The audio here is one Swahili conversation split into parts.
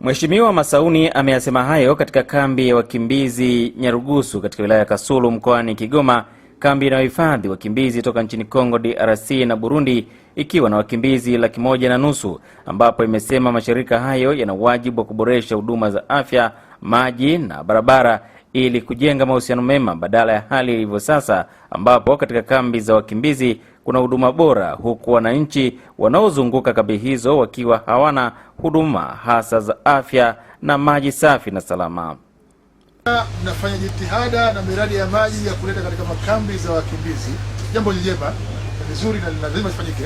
mweshimiwa Masauni ameyasema hayo katika kambi ya wakimbizi Nyarugusu katika wilaya ya Kasulu mkoani Kigoma, kambi inayohifadhi wakimbizi toka nchini Kongo DRC na Burundi ikiwa na wakimbizi laki moja na nusu ambapo imesema mashirika hayo yana wajibu wa kuboresha huduma za afya, maji na barabara ili kujenga mahusiano mema badala ya hali ilivyo sasa ambapo katika kambi za wakimbizi kuna huduma bora, huku wananchi wanaozunguka kambi hizo wakiwa hawana huduma hasa za afya na maji safi na salama. Mnafanya jitihada na miradi ya maji ya kuleta katika makambi za wakimbizi, jambo jema vizuri na lazima zifanyike.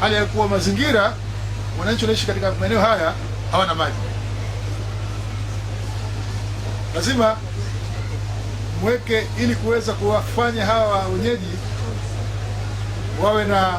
Hali ya kuwa mazingira wananchi wanaishi katika maeneo haya hawana maji, lazima mweke ili kuweza kuwafanya hawa wenyeji wawe na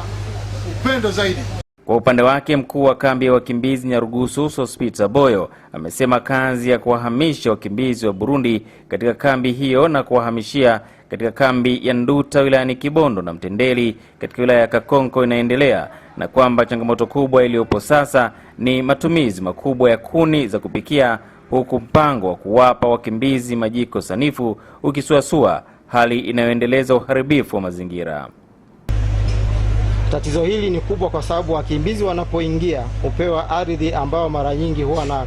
upendo zaidi. Kwa upande wake mkuu wa kambi ya wakimbizi Nyarugusu Sospeter Boyo amesema kazi ya kuwahamisha wakimbizi wa Burundi katika kambi hiyo na kuwahamishia katika kambi ya Nduta wilayani Kibondo na Mtendeli katika wilaya ya Kakonko inaendelea na kwamba changamoto kubwa iliyopo sasa ni matumizi makubwa ya kuni za kupikia huku mpango wa kuwapa wakimbizi majiko sanifu ukisuasua, hali inayoendeleza uharibifu wa mazingira. Tatizo hili ni kubwa kwa sababu wakimbizi wanapoingia hupewa ardhi ambayo mara nyingi huwa na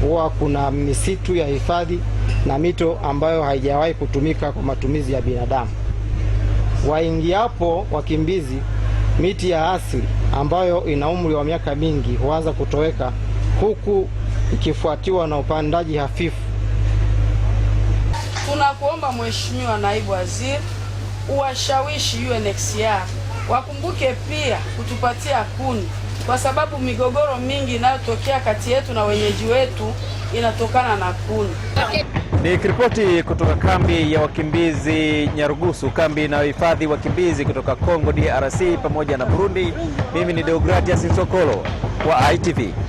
huwa kuna misitu ya hifadhi na mito ambayo haijawahi kutumika kwa matumizi ya binadamu. Waingiapo wakimbizi, miti ya asili ambayo ina umri wa miaka mingi huanza kutoweka, huku ikifuatiwa na upandaji hafifu. Tunakuomba Mheshimiwa Naibu Waziri uwashawishi UNHCR Wakumbuke pia kutupatia kuni, kwa sababu migogoro mingi inayotokea kati yetu na wenyeji wetu inatokana na kuni. ni kiripoti kutoka kambi ya wakimbizi Nyarugusu, kambi inayohifadhi wakimbizi kutoka Kongo DRC pamoja na Burundi, mimi ni Deogratias Nsokolo wa ITV.